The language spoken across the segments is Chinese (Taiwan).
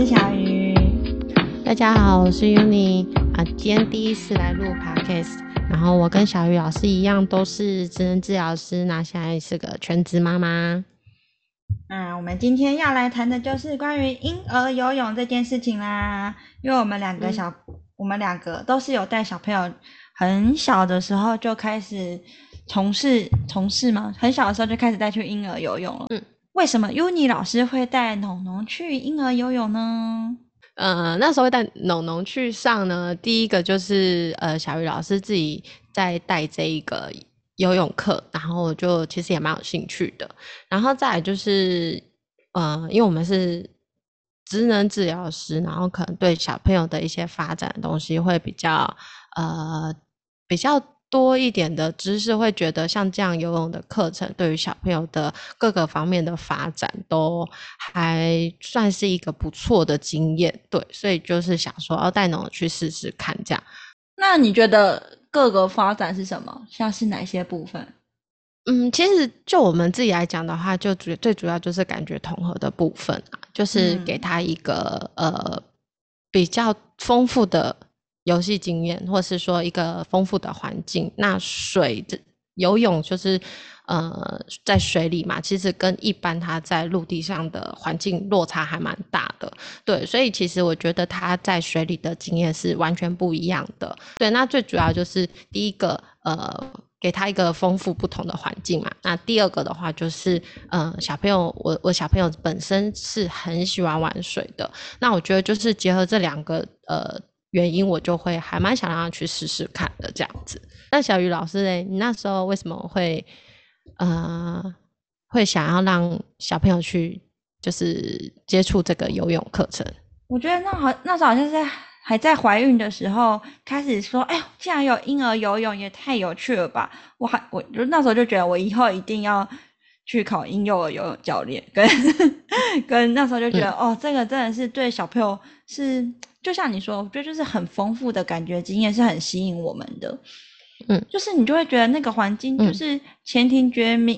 是小魚，大家好，我是、y、Yuni 啊，今天第一次來錄 podcast，然後我跟小魚老師一樣都是職能治療師，那、啊、現在是個全職媽媽。那我們今天要來談的就是關於嬰兒游泳這件事情啦，因為我們兩個小，嗯、我們兩個都是有帶小朋友很小，很小的時候就開始從事從事嘛，很小的時候就開始帶去嬰兒游泳了，嗯。為什麼 Yuni 老師會帶農農去嬰兒游泳呢？呃，那時候帶農農去上呢。第一個就是呃，小魚老師自己在帶這一個游泳課，然後我就其實也蠻有興趣的。然後再來就是，嗯、呃，因為我們是職能治療師，然後可能對小朋友的一些發展的東西會比較呃比較。多一點的知識，會覺得像這樣游泳的課程，對於小朋友的各個方面的發展，都還算是一個不錯的經驗。對，所以就是想說要帶你去試試看。這樣，那你覺得各個發展是什麼？像是哪些部分？嗯，其實就我們自己來講的話，就主最主要就是感覺統合的部分啊，就是給他一個、嗯、呃比較豐富的。遊戲經驗，或是說一個豐富的環境。那水游泳就是呃，在水裡嘛，其實跟一般他在陸地上的環境落差還蠻大的。對，所以其實我覺得他在水裡的經驗是完全不一樣的。對，那最主要就是第一個呃，給他一個豐富不同的環境嘛。那第二個的話就是呃，小朋友，我我小朋友本身是很喜歡玩水的。那我覺得就是結合這兩個呃，原因，我就會還蠻想讓他去試試看的這樣子。那小魚老師嘞，你那時候為什麼會，呃，會想要讓小朋友去就是接觸這個游泳課程？我覺得那好，那時候好像是還在懷孕的時候開始說，哎呀，既然有嬰兒游泳，也太有趣了吧！我還我就那時候就覺得，我以後一定要去考嬰幼兒游泳教練，跟跟那時候就覺得，嗯、哦，這個真的是對小朋友是。就像你說，我覺得就是很豐富的感覺經驗是很吸引我們的，嗯，就是你就會覺得那個環境就是前庭覺、嗯、觸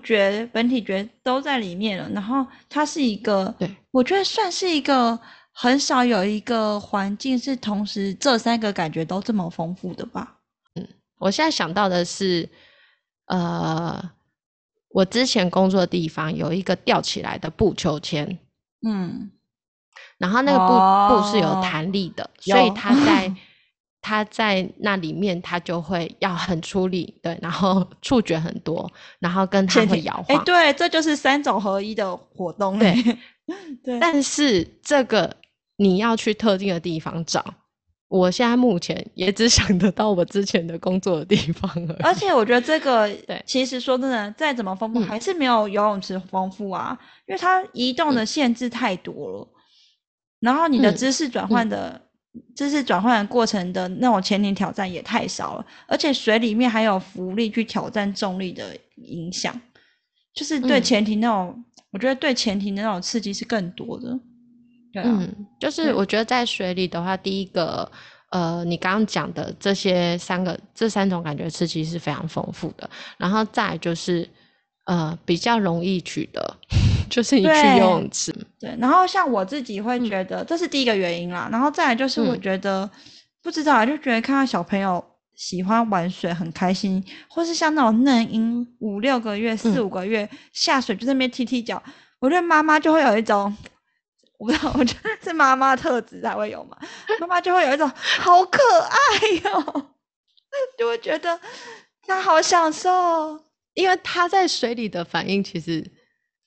覺、觸覺、本體覺都在裡面了，然後它是一個，對，我覺得算是一個很少有一個環境是同時這三個感覺都這麼豐富的吧。嗯，我現在想到的是，呃，我之前工作的地方有一個吊起來的布秋千，嗯。然後那個布布、oh、是有彈力的，有所以他在它 在那裡面，他就會要很出力，對，然後觸覺很多，然後跟他會搖晃，哎，欸、對，這就是三種合一的活動，欸，對， 對，但是這個你要去特定的地方找，我現在目前也只想得到我之前的工作的地方而已，而且我覺得這個對，其實說真的，再對怎麼豐富，嗯、還是沒有游泳池豐富啊，因為它移動的限制太多了。嗯然後你的姿勢轉換的，嗯嗯、姿勢轉換過程的那種前庭挑戰也太少了，而且水裡面還有浮力去挑戰重力的影響，就是對前庭那種，嗯、我覺得對前庭的那種刺激是更多的。對啊，就是我覺得在水裡的話，對第一個，呃，你剛剛講的這些三個，這三種感覺刺激是非常豐富的。然後再就是。呃，比較容易取得，就是你去游泳池對。對，然後像我自己會覺得，嗯、這是第一個原因啦。然後再來就是，我覺得、嗯、不知道啊，就覺得看到小朋友喜歡玩水很開心，或是像那種嫩嬰五六個月、四五個月、嗯、下水就在那邊踢踢腳，我覺得媽媽就會有一種，我不知道，我覺得是媽媽的特質才會有嘛。媽媽就會有一種 好可愛喲、哦，就會覺得她好享受。因為她在水裡的反應，其實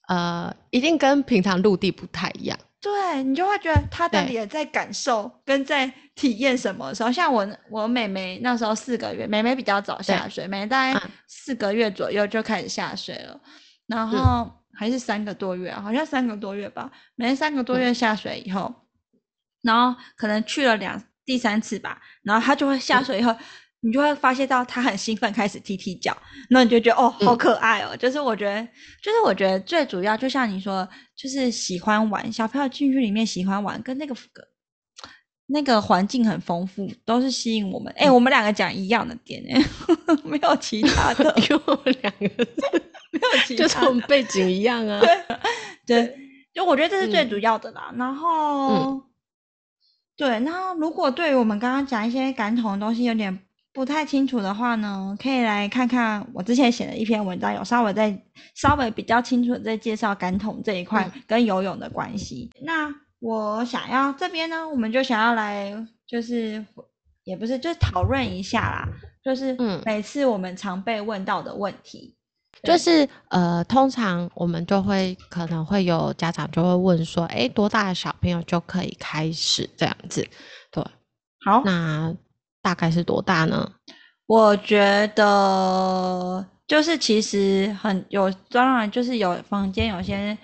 呃，一定跟平常陸地不太一樣。對，你就會覺得她到底在感受跟在體驗什麼？時候對像我，我妹妹那時候四個月，妹妹比較早下水，妹妹對大概四個月左右就開始下水了，嗯、然後還是三個多月、啊，好像三個多月吧，妹妹三個多月下水以後，嗯、然後可能去了兩第三次吧，然後她就會下水以後。嗯你就會發現到他很興奮，開始踢踢腳，那你就覺得哦，好可愛哦。嗯、就是我覺得，就是我覺得最主要，就像你說，就是喜歡玩，小朋友進去裡面喜歡玩，跟那個那個環境很豐富，都是吸引我們。哎、欸，嗯、我們兩個講一樣的點，哎，沒有其他的， 因為我們兩個沒有其他， 就是我們背景一樣啊。對，對，就我覺得這是最主要的啦。嗯、然後，嗯、對，然後如果對於我們剛剛講一些感統的東西有點。不太清楚的話呢，可以來看看我之前寫的一篇文章，有稍微在稍微比較清楚的在介紹感統這一塊跟游泳的關係。嗯、那我想要這邊呢，我們就想要來就是也不是，就是討論一下啦，就是每次我們常被問到的問題，嗯、對就是呃，通常我們就會可能會有家長就會問說，哎、欸，多大的小朋友就可以開始這樣子？對，好，那。大概是多大呢？我覺得就是其實很有，當然就是有房間，有些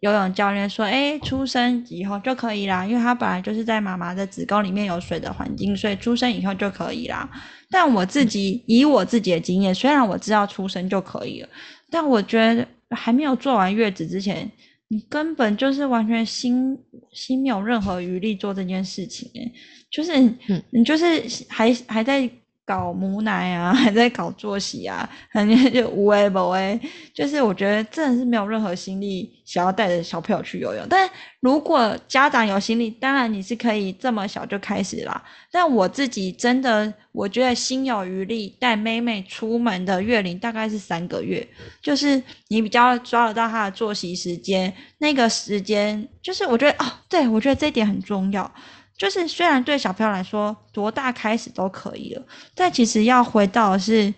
游泳教練說：“誒、欸，出生以後就可以啦，因為他本來就是在媽媽的子宮裡面有水的環境，所以出生以後就可以啦。”但我自己、嗯、以我自己的經驗，雖然我知道出生就可以了，但我覺得還沒有坐完月子之前，你根本就是完全心心沒有任何餘力做這件事情、欸。就是你、嗯、你就是還還在搞母奶啊，還在搞作息啊，反正就無謂不哎。就是我覺得真的是沒有任何心力想要帶着小朋友去游泳。但如果家長有心力，當然你是可以這麼小就開始啦。但我自己真的，我覺得心有餘力帶妹妹出門的月齡大概是三個月，就是你比較抓得到她的作息時間，那個時間就是我覺得哦，對我覺得這一點很重要。就是雖然對小朋友來說多大開始都可以了，但其實要回到是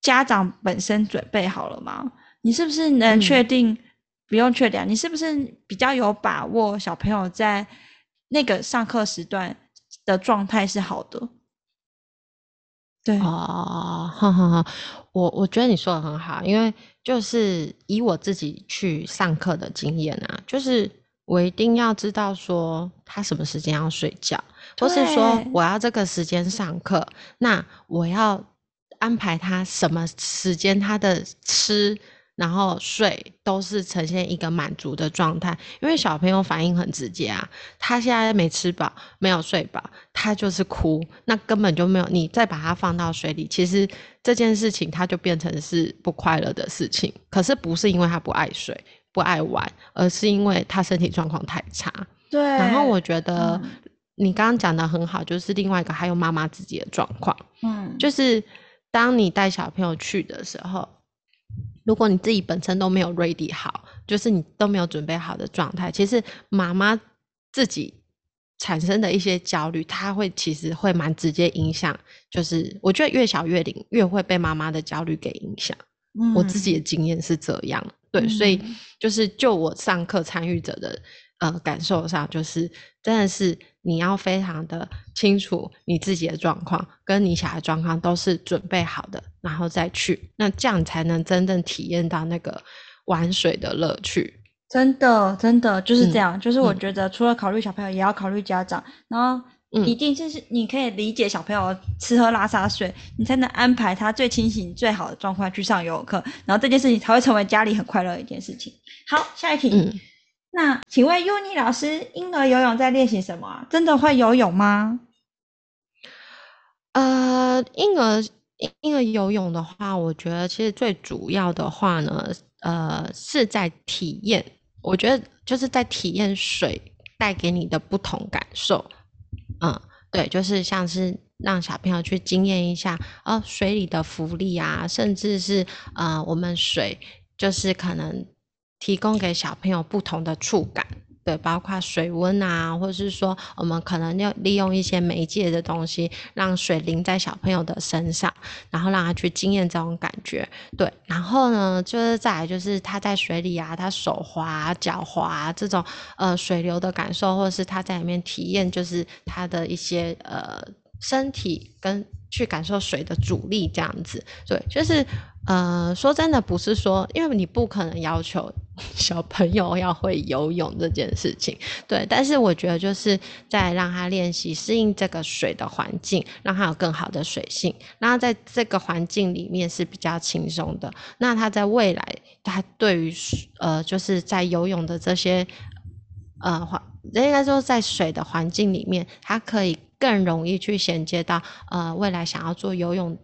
家長本身準備好了嗎？你是不是能確定，不用確定啊，嗯，你是不是比較有把握小朋友在那個上課時段的狀態是好的？對啊，好好好，我我覺得你說的很好，因為就是以我自己去上課的經驗啊，就是。我一定要知道，說他什麼時間要睡覺，對或是說我要這個時間上課，那我要安排他什麼時間他的吃，然後睡都是呈現一個滿足的狀態。因為小朋友反應很直接啊，他現在沒吃飽，沒有睡飽，他就是哭，那根本就沒有，你再把他放到水裡，其實這件事情他就變成是不快樂的事情，可是不是因為他不愛睡，不愛玩，而是因為他身體狀況太差。對。然後我覺得、嗯、你剛剛講得很好，就是另外一個還有媽媽自己的狀況。嗯。就是當你帶小朋友去的時候，如果你自己本身都沒有 ready 好，就是你都沒有準備好的狀態，其實媽媽自己產生的一些焦慮，他會其實會蠻直接影響。就是我覺得越小月齡，越會被媽媽的焦慮給影響。嗯、我自己的經驗是這樣。對，所以就是就我上課參與者的、嗯、呃感受上，就是真的是你要非常的清楚你自己的狀況跟你小孩狀況都是準備好的，然後再去，那這樣才能真正體驗到那個玩水的樂趣。真的，真的，就是這樣。嗯、就是我覺得除了考慮小朋友，也要考慮家長，然後。嗯、一定就是你可以理解小朋友吃喝拉撒睡，你才能安排他最清醒、最好的狀況去上游泳課，然後這件事情才會成為家裡很快樂的一件事情。好，下一題。嗯、那請問、Yuni 老師，嬰兒游泳在練習什麼？真的會游泳嗎？呃，嬰兒嬰兒游泳的話，我覺得其實最主要的話呢，呃，是在體驗。我覺得就是在體驗水帶給你的不同感受。嗯，對，就是像是讓小朋友去經驗一下哦，水裡的浮力啊，甚至是呃，我們水就是可能提供給小朋友不同的觸感。對，包括水溫啊，或者是說，我們可能要利用一些媒介的東西，讓水淋在小朋友的身上，然後讓他去經驗這種感覺。對，然後呢，就是再來就是他在水裡啊，他手滑啊，腳滑啊，這種呃水流的感受，或者是他在裡面體驗，就是他的一些呃身體跟去感受水的阻力這樣子。對，就是。呃，說真的，不是說，因為你不可能要求小朋友要會游泳這件事情，對。但是我覺得，就是在讓他練習適應這個水的環境，讓他有更好的水性，那在這個環境裡面是比較輕鬆的。那他在未來，他對於呃，就是在游泳的這些呃環，應該說在水的環境裡面，他可以更容易去銜接到呃未來想要做游泳，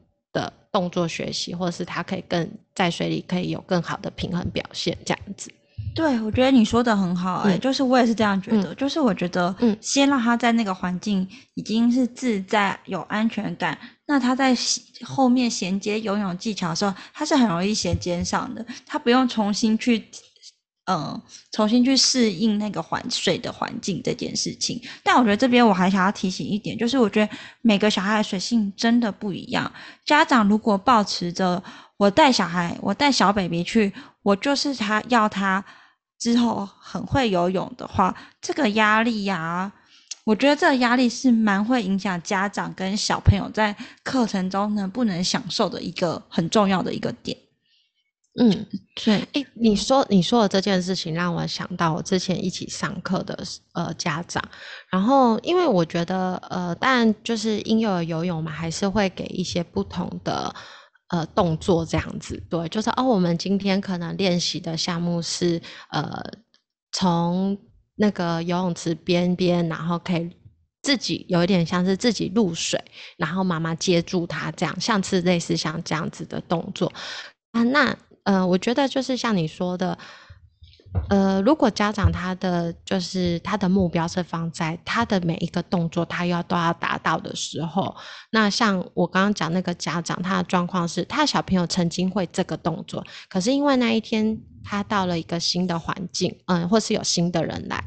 動作學習，或者是他可以更在水裡可以有更好的平衡表現，這樣子。對，我覺得你說的很好。欸，哎、嗯，就是我也是這樣覺得，嗯、就是我覺得，嗯，先讓他在那個環境已經是自在有安全感，嗯、那他在後面銜接游泳技巧的時候，他是很容易銜接上的，他不用重新去。嗯，重新去適應那個環水的環境這件事情。但我覺得這邊我還想要提醒一點，就是我覺得每個小孩的水性真的不一樣。家長如果抱持着我帶小孩，我帶小 baby 去，我就是他要他之後很會游泳的話，這個壓力呀、啊，我覺得這個壓力是蠻會影響家長跟小朋友在課程中能不能享受的一個很重要的一個點。嗯，對。誒、欸，你說你說的這件事情讓我想到我之前一起上課的呃家長，然後因為我覺得呃，但就是嬰幼兒游泳嘛，還是會給一些不同的呃動作這樣子。對，就是哦，我們今天可能練習的項目是呃，從那個游泳池邊邊，然後可以自己有一點像是自己入水，然後媽媽接住他這樣，像是類似像這樣子的動作啊，那。嗯、呃，我覺得就是像你說的，呃，如果家長他的就是他的目標是放在他的每一個動作，他要都要達到的時候，那像我剛剛講那個家長，他的狀況是他小朋友曾經會這個動作，可是因為那一天他到了一個新的環境，嗯、呃，或是有新的人來。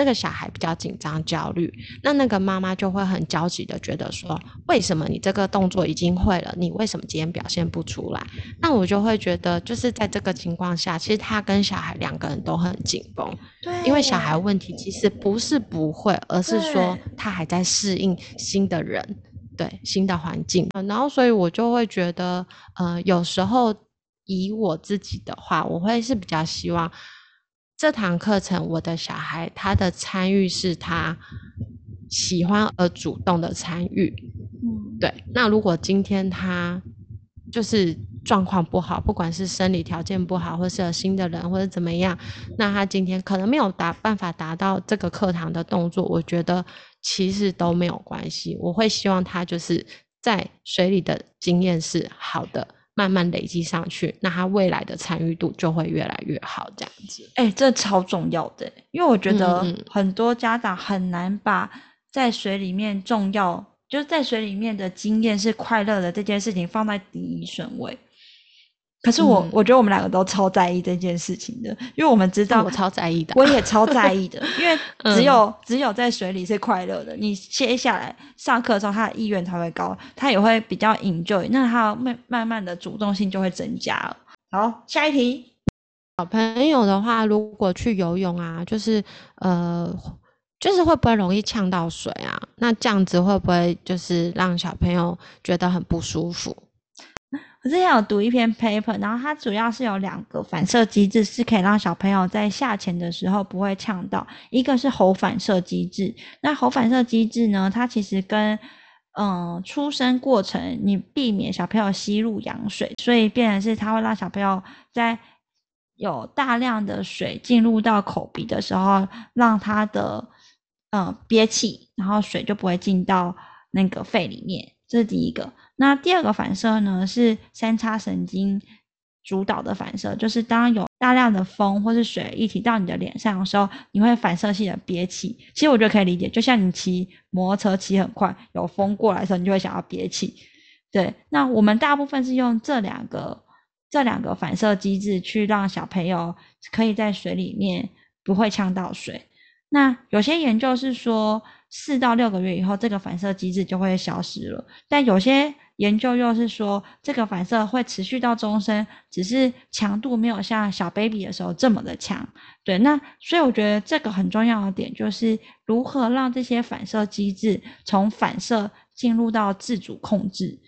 那個小孩比較緊張焦慮，那那個媽媽就會很焦急的覺得說：為什麼你這個動作已經會了，你為什麼今天表現不出來？那我就會覺得，就是在這個情況下，其實他跟小孩兩個人都很緊繃。對啊，因為小孩問題其實不是不會，而是說他還在適應新的人，對、對，新的環境。然後，所以我就會覺得，呃，有時候以我自己的話，我會是比較希望這堂課程，我的小孩他的參與是他喜歡而主動的參與，嗯，對。那如果今天他就是狀況不好，不管是生理條件不好，或者是有新的人或者怎麼樣，那他今天可能沒有達辦法達到這個課堂的動作，我覺得其實都沒有關係。我會希望他就是在水裡的經驗是好的。慢慢累積上去，那他未來的參與度就會越來越好，這樣子。誒、欸，這超重要的，欸，因為我覺得很多家長很難把在水裡面重要，嗯嗯，就是在水裡面的經驗是快樂的這件事情放在第一順位。可是我，嗯、我覺得我們兩個都超在意這件事情的，因為我們知道我超在意的，我也超在意的， 因為只有、嗯、只有在水裡是快樂的，你接下來上課的時候，他的意願才會高，他也會比較 enjoy，那他慢慢慢的主動性就會增加了。好，下一題，小朋友的話，如果去游泳啊，就是呃，就是會不會容易嗆到水啊？那這樣子會不會就是讓小朋友覺得很不舒服？我之前有讀一篇 paper，然後它主要是有兩個反射機制，是可以讓小朋友在下潛的時候不會嗆到。一個是喉反射機制，那喉反射機制呢，它其實跟嗯、呃、出生過程，你避免小朋友吸入羊水，所以變成是它會讓小朋友在有大量的水進入到口鼻的時候，讓他的嗯、呃、憋氣，然後水就不會進到那個肺裡面。這是第一個。那第二個反射呢，是三叉神經主導的反射，就是當有大量的風或是水一提到你的臉上的時候，你會反射性的憋氣。其實我覺得可以理解，就像你騎摩托車騎很快，有風過來的時候，你就會想要憋氣。對，那我們大部分是用這兩個這兩個反射機制去讓小朋友可以在水裡面不會嗆到水。那有些研究是說四到六個月以後，這個反射機制就會消失了，但有些。研究又是說，這個反射會持續到終生，只是強度沒有像小 baby 的時候這麼的強。對，那所以我覺得這個很重要的點就是如何讓這些反射機制從反射進入到自主控制。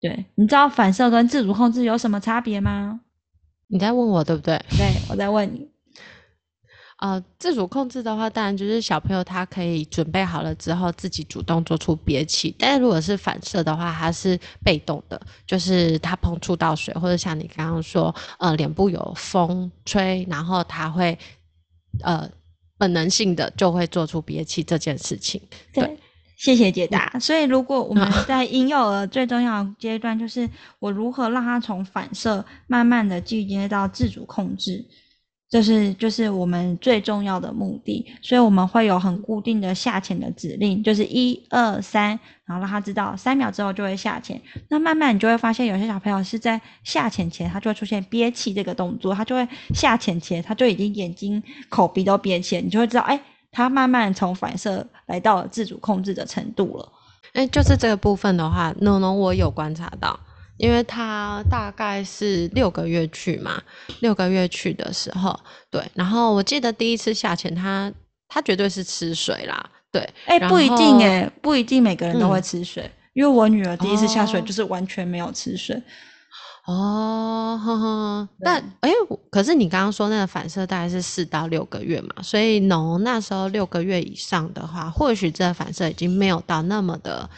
對，你知道反射跟自主控制有什麼差別嗎？你在問我對不對？對，我在問你。呃，自主控制的話，當然就是小朋友他可以準備好了之後，自己主動做出憋氣。但是如果是反射的話，他是被動的，就是他碰觸到水，或者像你剛剛說，呃，臉部有風吹，然後他會呃本能性的就會做出憋氣這件事情。對，對，謝謝解答，嗯啊。所以如果我們在嬰幼兒最重要的階段，就是我如何讓他從反射慢慢的進階到自主控制。就是就是我們最重要的目的，所以我們會有很固定的下潛的指令，就是一二三，然後讓他知道三秒之後就會下潛。那慢慢你就會發現，有些小朋友是在下潛前，他就會出現憋氣這個動作，他就會下潛前，他就已經眼睛、口鼻都憋氣了，你就會知道，哎，他慢慢從反射來到了自主控制的程度了。哎，就是這個部分的話，諾諾我有觀察到。因為他大概是六個月去嘛，六個月去的時候，對，然後我記得第一次下潛，他他絕對是吃水啦，對，哎、欸，後不一定哎、欸，不一定每個人都會吃水，嗯、因為我女兒第一次下水就是完全沒有吃水，哦，呵呵對，但哎、欸，可是你剛剛說那個反射大概是四到六個月嘛，所以儂、NO, 那時候六個月以上的話，或許這個反射已經沒有到那麼的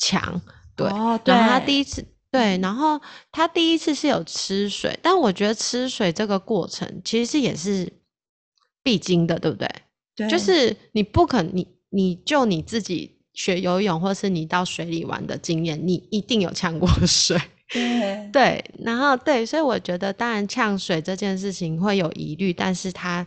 強，對，哦、對然後他第一次。對，然後他第一次是有吃水，但我覺得吃水這個過程其實也是必經的，對不對？對，就是你不肯你你就你自己學游泳，或是你到水裡玩的經驗，你一定有嗆過水。對，對，然後對，所以我覺得當然嗆水這件事情會有疑慮，但是它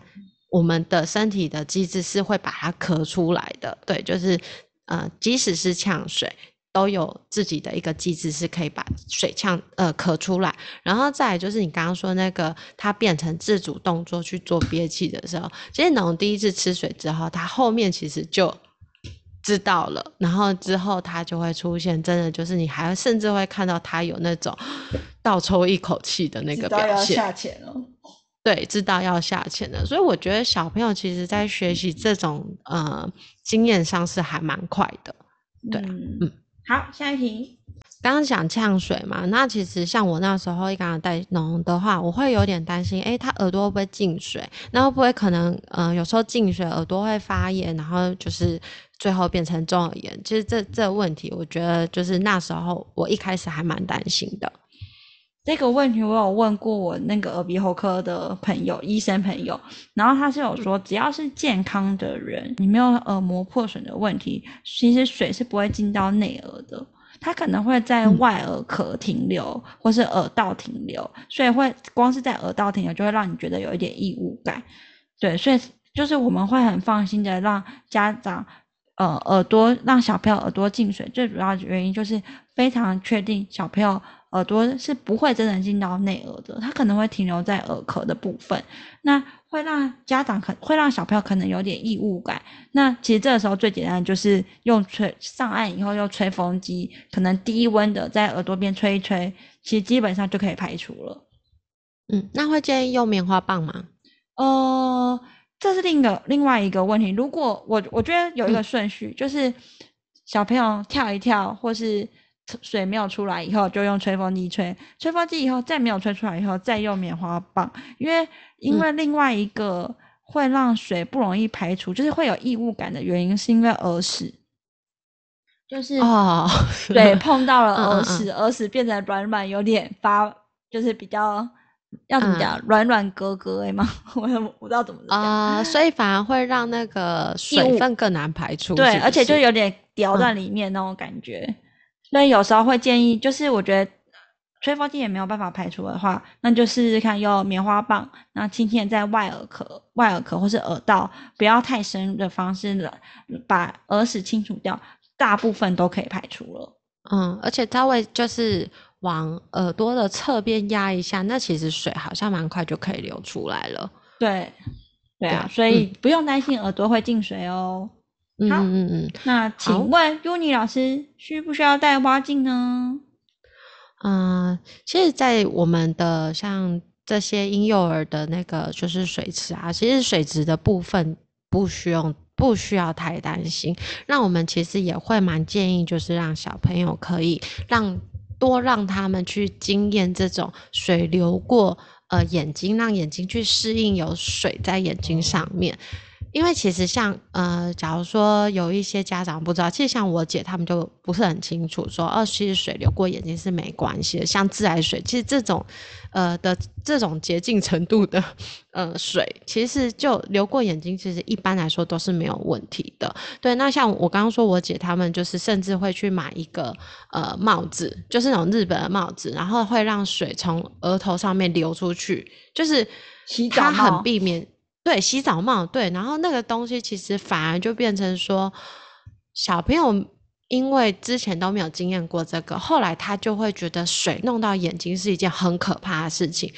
我們的身體的機制是會把它咳出來的。對，就是呃，即使是嗆水。都有自己的一個機制，是可以把水嗆呃咳出來，然後再，就是你剛剛說那個，它變成自主動作去做憋氣的時候，其實從第一次吃水之後，它後面其實就知道了，然後之後它就會出現，真的就是你還甚至會看到它有那種倒抽一口氣的那個表現，下潛了，對，知道要下潛了。所以我覺得小朋友其實在學習這種呃經驗上是還蠻快的，對啊，嗯。好，下一題。剛剛想嗆水嘛，那其實像我那時候一剛戴濃的話，我會有點擔心，哎，他耳朵會不會進水？那會不會可能，嗯、呃，有時候進水耳朵會發炎，然後就是最後變成中耳炎。其實這這個問題，我覺得就是那時候我一開始還蠻擔心的。這個問題我有問過我那個耳鼻喉科的朋友，醫生朋友，然後他是有說，只要是健康的人，你沒有耳膜破損的問題，其實水是不會進到內耳的，他可能會在外耳殼停留，或是耳道停留，所以會光是在耳道停留就會讓你覺得有一點異物感，對，所以就是我們會很放心的讓家長，呃，耳朵讓小朋友耳朵進水，最主要的原因就是非常確定小朋友。耳朵是不會真正進到內耳的，它可能會停留在耳殼的部分，那會讓家長可會讓小朋友可能有點異物感。那其實這個時候最簡單的就是用吹上岸以後用吹風機，可能低溫的在耳朵邊吹一吹，其實基本上就可以排除了。嗯，那會建議用棉花棒嗎？呃，這是另一個另外一個問題。如果我，我覺得有一個順序，嗯、就是小朋友跳一跳，或是。水沒有出來以後，就用吹風機吹。吹風機以後再沒有吹出來以後，再用棉花棒。因為因為另外一個會讓水不容易排除，嗯、就是會有異物感的原因，是因為耳屎。就是啊，哦、對，碰到了耳屎，耳屎、嗯嗯嗯、變得軟軟，有點發，就是比較要怎麼講，軟軟疙疙的嘛，軟軟哥哥欸、嗎 我也不知道怎麼講啊、呃。所以反而會讓那個水分更難排出。對，而且就有點掉在裡面那種感覺。嗯所以有時候會建議，就是我覺得吹風機也沒有辦法排除的話，那就是試試看用棉花棒，那輕輕在外耳殼、外耳殼或是耳道不要太深的方式，把耳屎清除掉，大部分都可以排除了。嗯，而且稍微就是往耳朵的側邊壓一下，那其實水好像蠻快就可以流出來了。對，對啊，嗯、所以不用擔心耳朵會進水哦。嗯嗯嗯，那請問、Yuni 老師好需不需要戴蛙鏡呢？嗯、呃，其實，在我們的像這些嬰幼兒的那個就是水池啊，其實水質的部分不需要不需要太擔心。那我們其實也會蠻建議，就是讓小朋友可以讓多讓他們去經驗這種水流過呃眼睛，讓眼睛去適應有水在眼睛上面。因為其實像呃，假如說有一些家長不知道，其實像我姐他們就不是很清楚說，說哦，其實水流過眼睛是沒關係的。像自來水，其實這種，呃的這種潔淨程度的，呃水，其實就流過眼睛，其實一般來說都是沒有問題的。對，那像我剛剛說我姐他們就是甚至會去買一個呃帽子，就是那種日本的帽子，然後會讓水從額頭上面流出去，就是它很避免。對，洗澡帽，對，然後那個東西其實反而就變成說，小朋友因為之前都沒有經驗過這個，後來他就會覺得水弄到眼睛是一件很可怕的事情，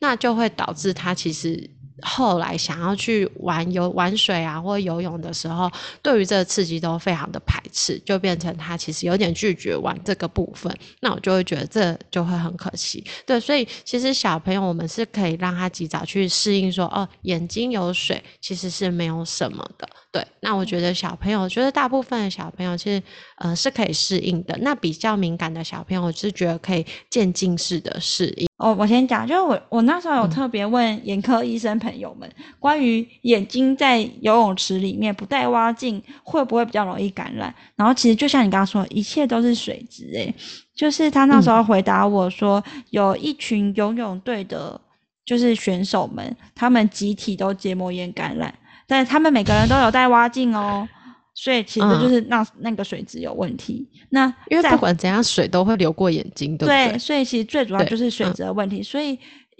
那就會導致他其實。後來想要去玩游玩水啊，或游泳的時候，對於這個刺激都非常的排斥，就變成他其實有點拒絕玩這個部分。那我就會覺得這就會很可惜，對。所以其實小朋友，我們是可以讓他及早去適應說，說哦，眼睛有水其實是沒有什麼的。對，那我覺得小朋友，嗯、我覺得大部分的小朋友其實，嗯、呃、是可以適應的。那比較敏感的小朋友，我是覺得可以漸進式的適應。哦，我先講，就是我我那時候有特別問眼科醫生朋友們，嗯、關於眼睛在游泳池裡面不戴蛙鏡會不會比較容易感染？然後其實就像你剛剛說的，一切都是水質。哎，就是他那時候回答我說，嗯、有一群游泳隊的，就是選手們，他們集體都結膜炎感染。但他們每個人都有戴蛙鏡哦，所以其實就是那那、嗯、那個水質有問題。那因為不管怎樣，水都會流過眼睛，對。對，所以其實最主要就是水質的問題。對所以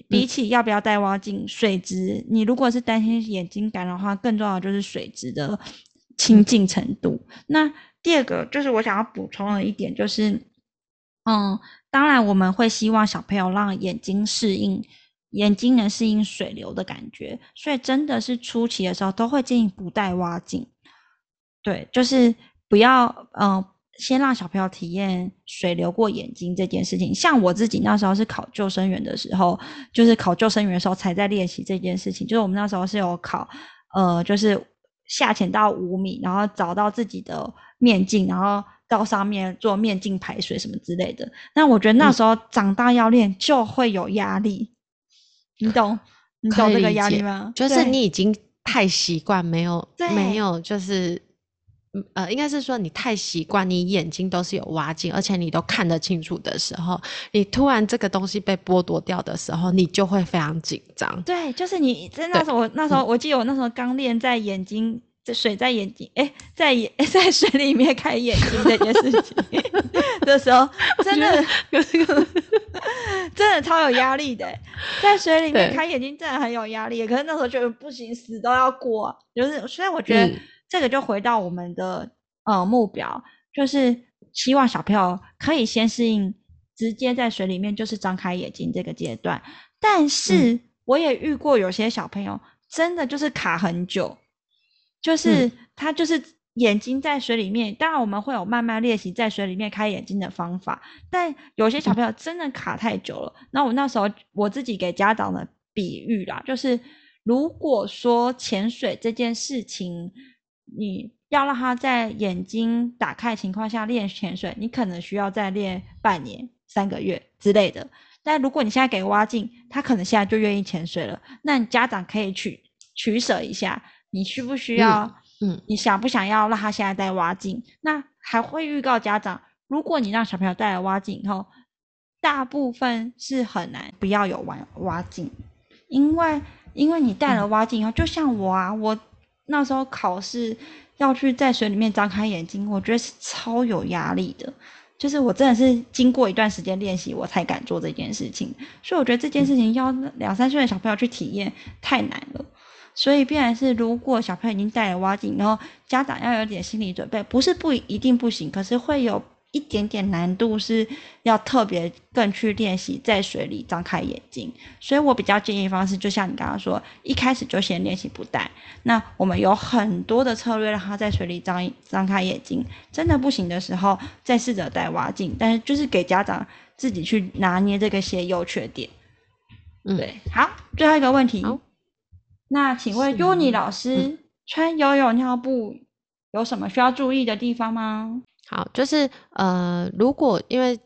比起要不要戴蛙鏡，嗯、水質你如果是擔心眼睛感染的話，更重要的就是水質的清淨程度。嗯、那第二個就是我想要補充的一點就是，嗯，當然我們會希望小朋友讓眼睛適應。眼睛能適應水流的感覺，所以真的是初期的時候都會建議不戴蛙鏡，對，就是不要，嗯，先讓小朋友體驗水流過眼睛這件事情。像我自己那時候是考救生員的時候，就是考救生員的時候才在練習這件事情。就是我們那時候是有考，呃，就是下潛到五米，然後找到自己的面鏡，然後到上面做面鏡排水什麼之類的。那我覺得那時候長大要練就會有壓力。嗯你懂，你懂這個壓力嗎？就是你已經太習慣沒有沒有，對沒有就是，呃，應該是說你太習慣，你眼睛都是有蛙鏡，而且你都看得清楚的時候，你突然這個東西被剝奪掉的時候，你就會非常緊張。對，就是你在那時候，我對那時候我記得我那時候剛練在眼睛。水在眼睛，誒、欸，在眼、欸、在水裡面開眼睛這件事情 的時候，真的，覺 真的超有壓力的。在水裡面開眼睛真的很有壓力，對可是那時候覺得不行，死都要過、啊。就是，所以我覺得這個就回到我們的、嗯、呃目標，就是希望小朋友可以先適應，直接在水裡面就是張開眼睛這個階段。但是我也遇過有些小朋友真的就是卡很久。就是他，就是眼睛在水裡面。嗯、當然，我們會有慢慢練習在水裡面開眼睛的方法。但有些小朋友真的卡太久了。嗯、那我那時候我自己給家長的比喻啦，就是如果說潛水這件事情，你要讓他在眼睛打開情況下練潛水，你可能需要再練半年、三個月之類的。但如果你現在給蛙鏡，他可能現在就願意潛水了。那你家長可以取取捨一下。你需不需要？嗯，嗯，你想不想要讓他現在戴蛙鏡？那還會預告家長，如果你讓小朋友戴了蛙鏡以後，大部分是很難不要有玩蛙鏡，因為因為你戴了蛙鏡以後，嗯、就像我啊，我那時候考試要去在水裡面張開眼睛，我覺得是超有壓力的，就是我真的是經過一段時間練習，我才敢做這件事情，所以我覺得這件事情要兩三歲的小朋友去體驗、嗯、太難了。所以，變成是如果小朋友已經戴了蛙鏡，然後家長要有點心理準備，不是不一定不行，可是會有一點點難度，是要特別更去練習在水裡張開眼睛。所以我比較建議方式，就像你剛剛說，一開始就先練習不戴，那我們有很多的策略讓他在水裡張張開眼睛。真的不行的時候，再試着戴蛙鏡，但是就是給家長自己去拿捏這個些優缺點。嗯、對，好，最後一個問題。那請問 Yuni 老師，嗯，穿游泳尿布有什麼需要注意的地方嗎？好，就是呃，如果因為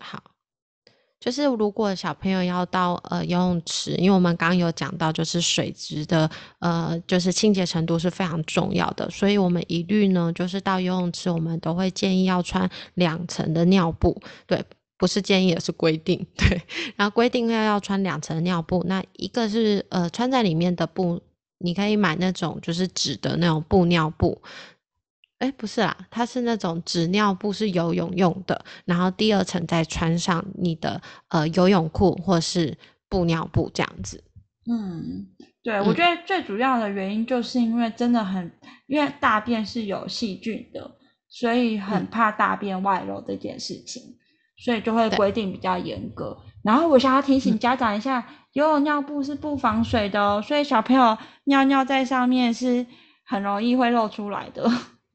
好，就是如果小朋友要到呃游泳池，因為我們剛剛有講到，就是水質的呃，就是清潔程度是非常重要的，所以我們一律呢，就是到游泳池，我們都會建議要穿兩層的尿布，對。不是建議，也是規定。對，然後規定要要穿兩層尿布。那一個是呃，穿在裡面的布，你可以買那種就是紙的那種布尿布。哎、欸，不是啦，它是那種紙尿布是游泳用的，然後第二層再穿上你的呃游泳褲或是布尿布這樣子。嗯，對，嗯、我覺得最主要的原因就是因為真的很，因為大便是有細菌的，所以很怕大便外漏這件事情。所以就會規定比較嚴格，對然後我想要提醒家長一下，游泳、嗯、尿布是不防水的哦，所以小朋友尿尿在上面是很容易會漏出來的，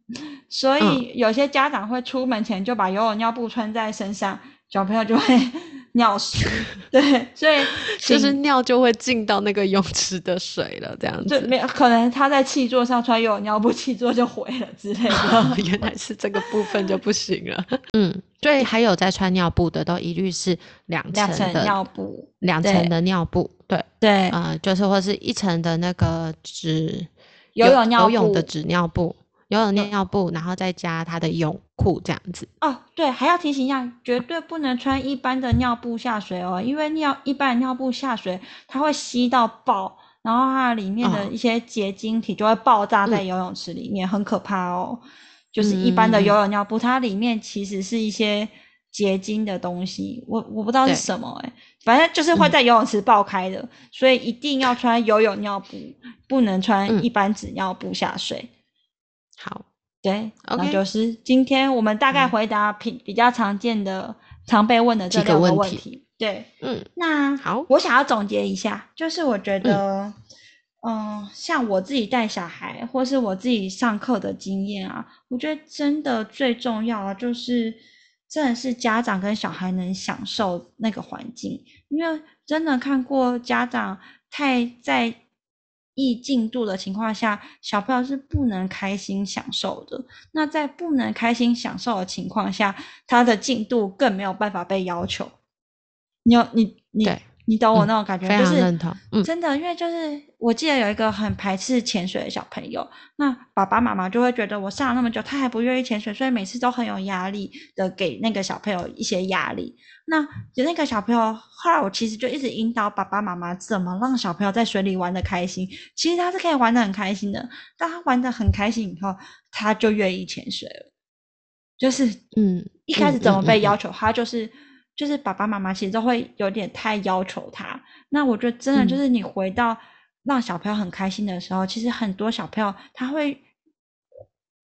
所以有些家長會出門前就把游泳尿布穿在身上，小朋友就會。 尿水，對，所以就是尿就會進到那個泳池的水了，這樣子。沒有可能他在汽座上穿游泳尿布，汽座就毀了之類的。 原來是這個部分就不行了。 嗯，對，還有在穿尿布的都一律是兩層的，兩層尿布，兩層的尿布，對對，啊、呃，就是或是一層的那個紙游泳尿布。游泳的紙尿布游泳尿尿布，然後再加他的泳褲這樣子哦。對，還要提醒一下，絕對不能穿一般的尿布下水哦，因為尿一般尿布下水，它會吸到爆，然後它裡面的一些結晶體就會爆炸在游泳池裡面，嗯、很可怕哦。就是一般的游泳尿布，嗯、它裡面其實是一些結晶的東西，我我不知道是什麼哎、欸，對反正就是會在游泳池爆開的，嗯、所以一定要穿游泳尿布，不能穿一般紙尿布下水。好，對，那 Okay. 就是今天我們大概回答比比、嗯、比較常見的、常被問的這兩個問題。問題對，嗯，那好，我想要總結一下，就是我覺得，嗯、呃，像我自己帶小孩或是我自己上課的經驗啊，我覺得真的最重要啊，就是真的是家長跟小孩能享受那個環境，因為真的看過家長太在意進度的情況下，小朋友是不能開心享受的。那在不能開心享受的情況下，他的進度更沒有辦法被要求。你要你你。你對你懂我那種感覺，嗯、非常認同、就是、嗯、真的，因為就是我記得有一個很排斥潛水的小朋友，嗯、那爸爸媽媽就會覺得我上了那麼久，他還不願意潛水，所以每次都很有壓力的給那個小朋友一些壓力。那有那個小朋友，後來我其實就一直引導爸爸媽媽怎麼讓小朋友在水裡玩得開心，其實他是可以玩得很開心的。當他玩得很開心以後，他就願意潛水了。就是，嗯，一開始怎麼被要求，嗯嗯嗯、他就是。就是爸爸媽媽其實都會有點太要求他，那我覺得真的就是你回到讓小朋友很開心的時候，嗯，其實很多小朋友他會，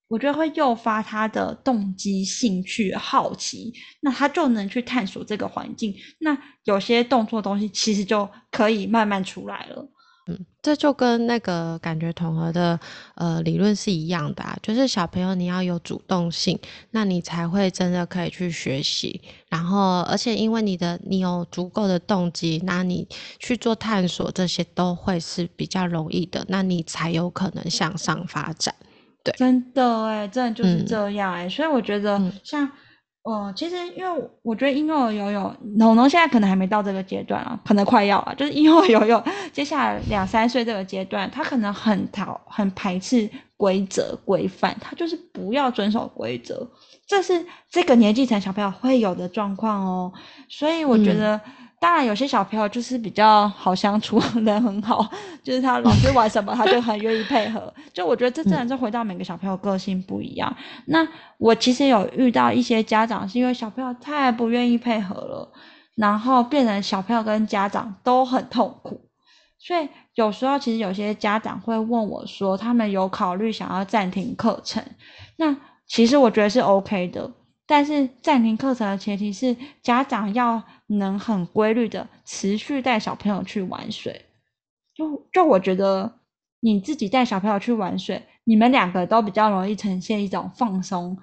我覺得會誘發他的動機、興趣、好奇，那他就能去探索這個環境，那有些動作東西其實就可以慢慢出來了。嗯，這就跟那個感覺統合的呃理論是一樣的啊，就是小朋友你要有主動性，那你才會真的可以去學習，然後而且因為你的你有足夠的動機，那你去做探索這些都會是比較容易的，那你才有可能向上發展。嗯、對，真的哎、欸，真的就是這樣哎、欸，嗯、所以我覺得像。哦，其實因為我覺得嬰幼兒游泳，農農現在可能還沒到這個階段啊，可能快要了、啊。就是嬰幼兒游泳，接下來兩三歲這個階段，他可能很討、很排斥規則規範，他就是不要遵守規則，這是這個年紀層小朋友會有的狀況哦。所以我覺得、嗯。當然，有些小朋友就是比較好相處，人很好，就是他老是玩什麼，他就很願意配合。 就我覺得這真的是回到每個小朋友個性不一樣。嗯、那我其實有遇到一些家長是因為小朋友太不願意配合了，然後變成小朋友跟家長都很痛苦。所以有時候其實有些家長會問我說，他們有考慮想要暫停課程，那其實我覺得是 OK 的。但是暫停課程的前提是家長要能很規律的持續帶小朋友去玩水，就就我覺得你自己帶小朋友去玩水，你們兩個都比較容易呈現一種放鬆、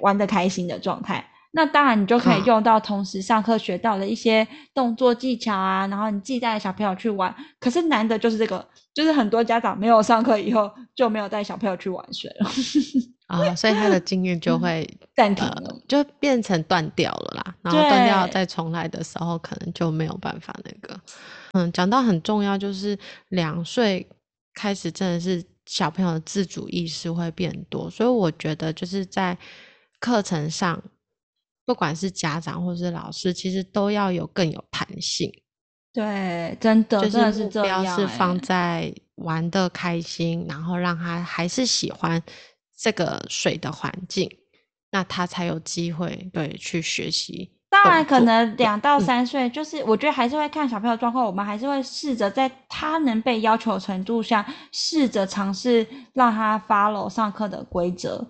玩得開心的狀態。那當然你就可以用到同時上課學到的一些動作技巧啊，然後你自己帶小朋友去玩。可是難的就是這個，就是很多家長沒有上課以後就沒有帶小朋友去玩水了。 啊，所以他的經驗就會暫、 嗯、停了，呃，就變成斷掉了啦。然後斷掉再重來的時候，對可能就沒有辦法那個。嗯，講到很重要，就是兩歲開始，真的是小朋友的自主意識會變多，所以我覺得就是在課程上，不管是家長或是老師，其實都要有更有彈性。對，真的，就是目標是放在玩得開心，欸、然後讓他還是喜歡。這個水的環境，那他才有機會對去學習。當然，可能兩到三歲，對就是我覺得還是會看小朋友狀況，嗯、我們還是會試着在他能被要求程度下，試着嘗試讓他 follow 上課的規則。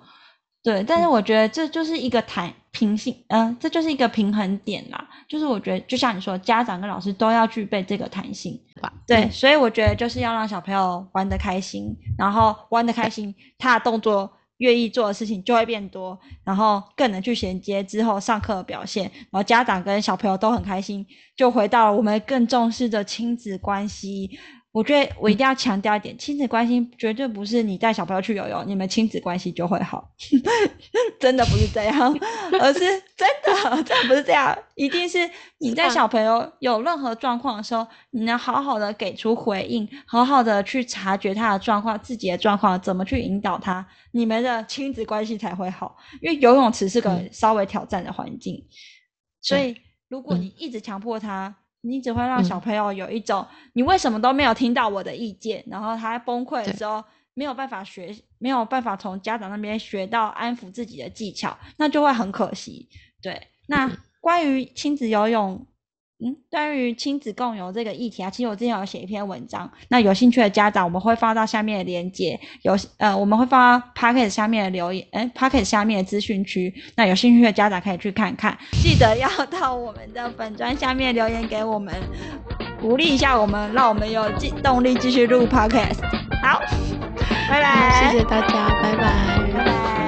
對，但是我覺得這就是一個彈平性，嗯、呃，這就是一個平衡點啦。就是我覺得，就像你說，家長跟老師都要具備這個彈性，對吧？對，嗯、所以我覺得就是要讓小朋友玩得開心，然後玩得開心，他的動作、願意做的事情就會變多，然後更能去銜接之後上課的表現，然後家長跟小朋友都很開心，就回到了我們更重視的親子關係。我覺得我一定要強調一點，嗯、親子關係絕對不是你帶小朋友去游泳，你們親子關係就會好， 真的不是這樣， 而是真的， 真的、真的不是這樣，一定是你在小朋友有任何狀況的時候，你能好好的給出回應，好好的去察覺他的狀況，自己的狀況怎麼去引導他，你們的親子關係才會好。因為游泳池是個稍微挑戰的環境，嗯、所以如果你一直強迫他，嗯你只會讓小朋友有一種，嗯、你為什麼都沒有聽到我的意見？然後他在崩潰的時候，對沒有辦法學，沒有辦法從家長那邊學到安撫自己的技巧，那就會很可惜。對，那關於親子游泳。嗯，關於親子共有這個議題啊，其實我之前有寫一篇文章，那有興趣的家長我們會放到下面的鏈接，有呃我們會放到 podcast 下面的留言，哎 podcast 下面的資訊區，那有興趣的家長可以去看看，記得要到我們的粉專下面留言給我們，鼓勵一下我們，讓我們有勁動力繼續錄 podcast，好，拜拜，謝謝大家，拜拜，拜拜。